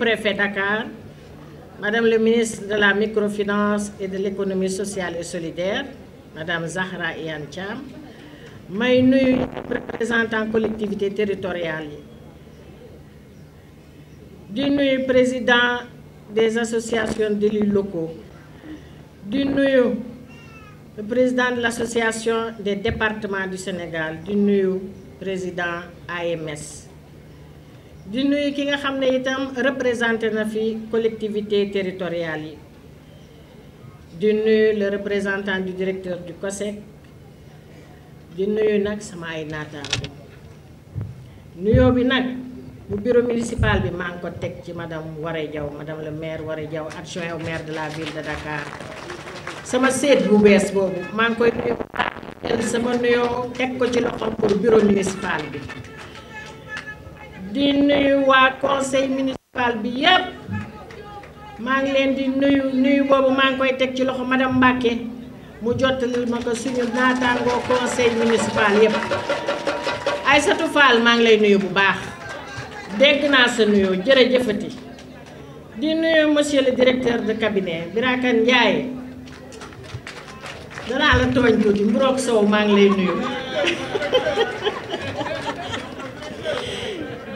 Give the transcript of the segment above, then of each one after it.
préfet Dakar, Madame le ministre de la Microfinance et de l'Économie sociale et solidaire, Madame Zahra Iyane Thiam may nuyu représentant collectivité territoriale yi di nuyu président des associations d'élus locaux di nuyu président de l'association des départements du Sénégal di nuyu président AMS di nuyu ki nga xam ne itam représenté na fi collectivité territoriale yi di nuyu le représentant du directeur du kose di nuyu nag sama ay naataango nuyoo bi nag bu bureau municipal bi maa ngi ko teg ci madame Waré Diaw madame le maire Waré jaw adjoint au maire de la ville de Dakar sama seet bu bees boobu maa ngi koy nuyu sama nuyoo teg ko ci loxo pour bureau municipal bi di nuyu waa conseil municipal bi yépp maa ngi leen di nuyu nuyu boobu maa ngi koy teg ci loxo madame Mbacke mu jottalil ma ko suñu naataangoo conseil municipal yépp Aïssatou Fall maa ngi lay nuyu bu baax dégg naa sa nuyoo jërëjëfati di nuyu monsieur le directeur de cabinet Biraka Ndiaye danaa la tooñ tuuti mburoog sow maa ngi lay nuyu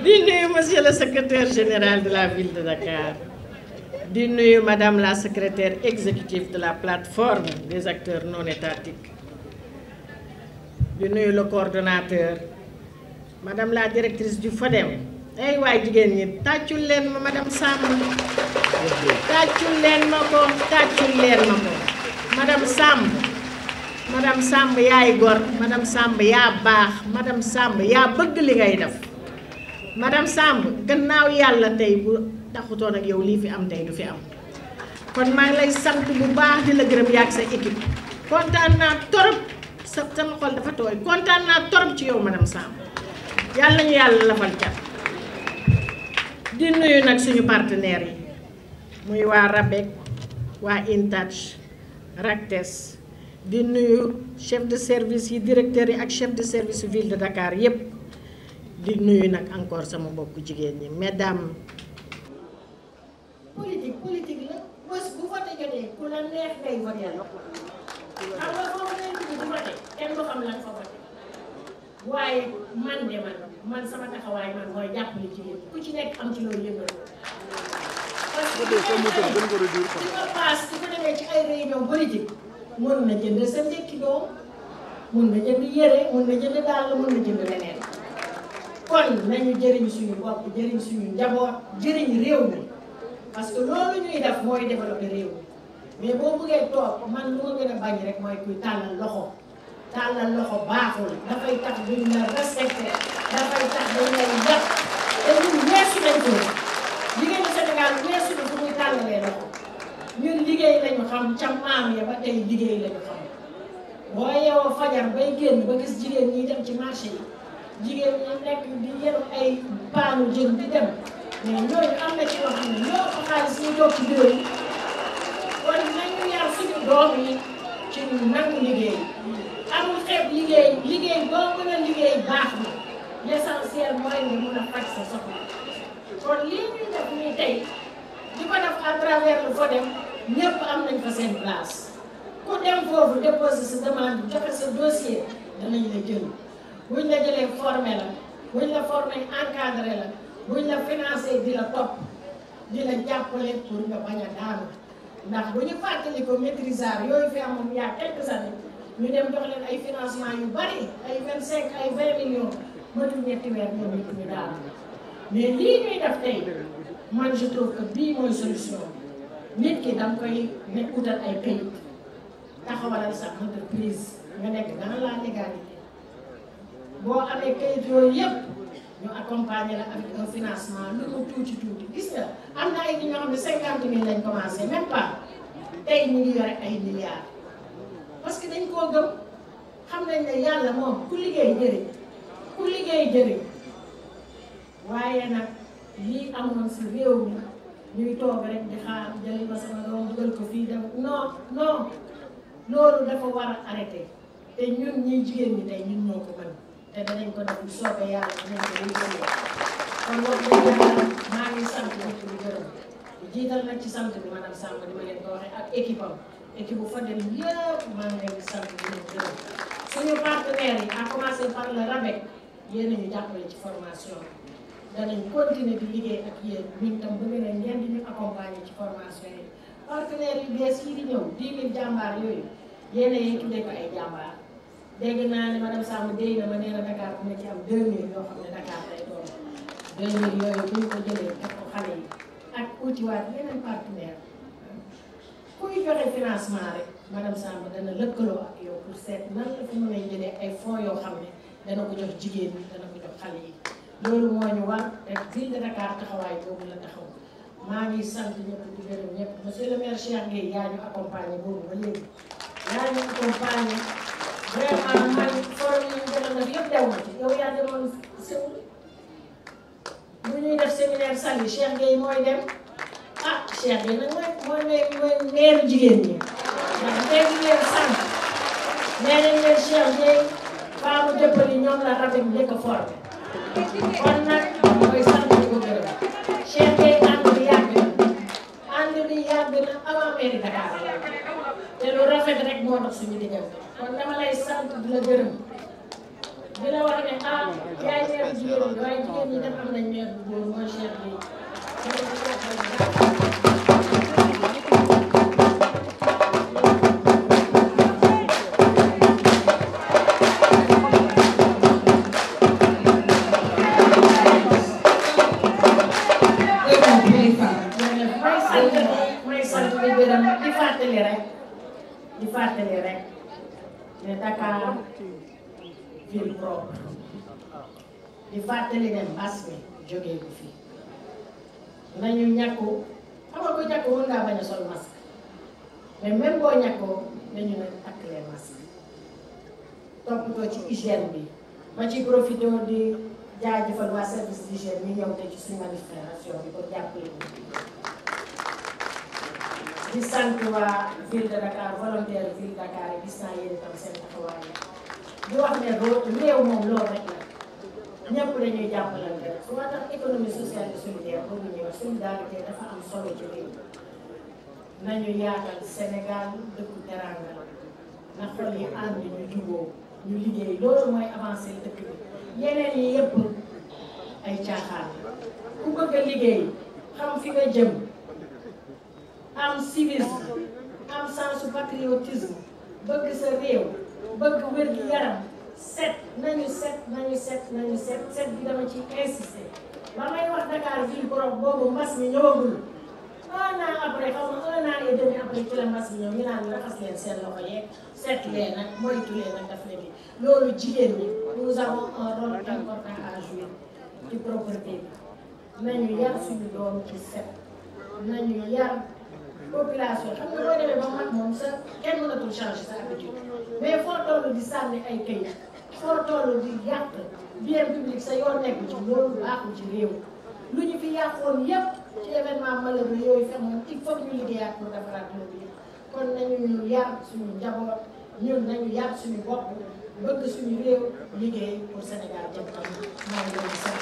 di nuyu monsieur le secretaire général de la ville de Dakar di nuyu madame la secrétaire exécutive de la plateforme des acteurs non étatiques di nuyu le coordonnateur madame la directrice du FODEM ay waay jigéen ñi tàccul leen ma madame Samb tàccul leen ma ko tàccul leen ma ko madame Samb madame Samb yaay gor madame Samb yaa baax madame Samb yaa bëgg li ngay def madame Samb gannaaw yàlla tey bu taxutoon ak yow lii fi am tey du fi am kon maa ngi lay sant bu baax di la gërëm yaa sa équipe kontaan naa torop sa sama xol dafa tooy kontaan naa torop ci yow madame Samb yàlla ñu yàlla lafal cat di nuyu nag suñu partenaires yi muy waa RABEC waa INTouch RACTES di nuyu chef de service yi directeurs yi ak chef de service ville de Dakar yépp di nuyu nag encore sama mbokku jigéen ñi mesdames. politique politique la bés bu vote jotee ku la neex ngay voté la xam nga foofu man de man man sama ku ci nekk am ci loolu yëngal parce que nga paas su ko demee ci ay réunion politique mën na jënd sa ndekki doom mën na jënd yére mën na jënd dàll mën na jënd leneen kon nañu jëriñ suñu bopp jëriñ suñu njaboot jëriñ réew mi parce que loolu ñuy def mooy développer réew mi mais boo bëggee toog man lu ma gën a bañ rek mooy kuy tàllal loxo tàllal loxo baaxul dafay tax duñ la respecté dafay la yàq te ñun weesu nañ ko jigéenu Sénégal weesu na fu muy tàllalee liggéey lañu xam ca maam ya ba tey liggéey lañu xam boo yeewoo fajar bay génn ba gis jigéen ñi dem ci marché yi. jigéen ñi nekk di yenu ay paanu jën di dem mais ñooñu am na ci loo xam ne ñoo ko xaalis ñu toog yi kon nañu yar suñu liggéey amul xeeb liggéey liggéey boo mën a liggéey baax na l'essentiel mooy nga mën a faj sa soxla kon lii ñuy def nii tey di ko def à travers le FODEM ñëpp am nañ fa seen place ku dem foofu déposer sa demande joxe sa dossier danañ la jël. buñ la jële formé la buñ la formé encadré la buñ la financé di la topp di la jàppale pour nga bañ a daanu ndax bu ñu fàttali ko maîtrisard yooyu fi amoon il y a quelques ñu dem jox leen ay financement yu bari ay 25 ay 20 millions mënul ñetti weer ñoom it ñu daanu mais lii ñuy def tey man je trouve bii mooy solution nit ki da koy nekk ay kayit taxawalal sa entreprise nga nekk dans la légalité. boo amee kayit yooyu yëpp ñu accompagner la avec financement lu mu tuuti tuuti gis nga am na ay nit ñoo xam ne cinquante mille lañ commencé même pas tey ñu ngi yore ay milliards parce que dañ koo gëm xam nañ ne yàlla moom ku liggéey jëriñ ku liggéey jëriñ waaye nag lii amoon si réew mi ñuy toog rek di xaar jëli ba sama doom dugal ko fii dem non loolu dafa war a arrêté te ñun ñuy jigéen ñi tey ñun ñoo ko mën te danañ ko def bu soobee yàlla dinañ ko réussir kon loolu dañ maa ngi sant nit ñi gërëm jiital nag ci sant bi maanaam Samb di ma équipe am équipe bu fa dem yëpp maa ngi sant di leen gërëm suñu partenaires yi à commencer par le RABEC a ñu jàppale ci formation bi danañ continuer di liggéey ak yéen ñun ci formation yi partenaires yu bees yi di ñëw 10 yooyu yéen a yee tuddee ko dégg naa ne madame Samb déy na ma nee na Dakar dina am 2 000 yoo xam ne Dakar lay doon 2 000 yooyu bu ñu ko jëlee def xale yi ak utiwaat yeneen partenaire kuy joxe financement rek madame Samb dana lëkkaloo ak yow pour seet nan la fi mën a jëlee ay fonds yoo xam ne dana ko jox jigéen ñi dana ko jox xale yi loolu moo ñu war rek ville de Dakar taxawaay boobu la taxaw maa ngi sant ñëpp di gërëm ñëpp monsieur le maire Cheikh Gueye yaa ñu accompagné boobu ba léegi yaa ñu accompagné. vraiment man forum ñu jotoon def yëpp dew ma ci yow yaa demoon Séoul bu ñuy def séminaire Saly Cheikh Gueye mooy dem ah Cheikh Gueye nag mooy mooy mooy jigéen ñi ndax dégg ngeen sànq nee nañ leen Cheikh Gueye faamu dëppali ñoom la rabe bi njëkk a formé kon nag mooy sant di ko gërëm Cheikh Gueye ànd bi yàgg na ànd bi yàgg te lu rafet rek moo dox suñu diggante kon dama lay sant di la gërëm di la wax ne ah yaay meer bu jigéen ñi waaye jigéen ñi def am nañ meer bu góor mooy Cheikh bi may sant di gërëm di fàttali rek di fàttali rek ne Dakar ville propre di fàttali ne mbas mi jógee ko fii nañu ñàkku xam nga ku ñàkku mën ngaa bañ a sol masque mais même boo ñàkkoo nañu ne takk les masques toppatoo ci hygiène bi ma ci profité di jaajëfal waa service d'hygiène ñu ñëw te ci suñu manifestation bi pour jàppale ko. di sant waa ville de Dakar volontaire ville Dakar yi gis naa yéen itam seen taxawaay di wax ne boo réew moom loolu rek la ñëpp dañuy jàppalante rek moo tax économie sociale et solidaire boobu ñuy wax solidarité dafa am solo ci réew nañu yaatal Sénégal dëkku teranga na xol yi ànd ñu juboo ñu liggéey loolu mooy avancé dëkk bi yeneen yi yëpp ay caaxaan ku bëgg a liggéey xam fi nga jëm am civisme am sensu patriotisme bëgg sa réew bëgg wér gi yaram set nañu set nañu set nañu set set bi dama ci insister ba may wax Dakar fii borom boobu mbas mi ñëwagul un an après xaw ma un an et demi après ci la mbas mi ñëw ñu naan raxas leen seen loxo yeeg set leen nag moytu leen nag daf leen loolu jigéen ñi nous avons un rôle important à jouer ci propreté bi nañu yar suñu doom ci set nañu yar. population xam nga boo demee ba mag moom sa kenn mënatul changer sa habitude mais foo toll di sànni ay këyit foo toll di yàq bien public sa yoon nekk ci loolu baaxul ci réew lu ñu fi yàqoon yépp ci événement malheureux yooyu fex moom il faut ñu liggéeyaat pour defaraat loolu yëpp kon nañu yar suñu njaboot ñun nañu yar suñu bopp bëgg suñu réew liggéey pour Sénégal jëm kanam maa ngi leen di sant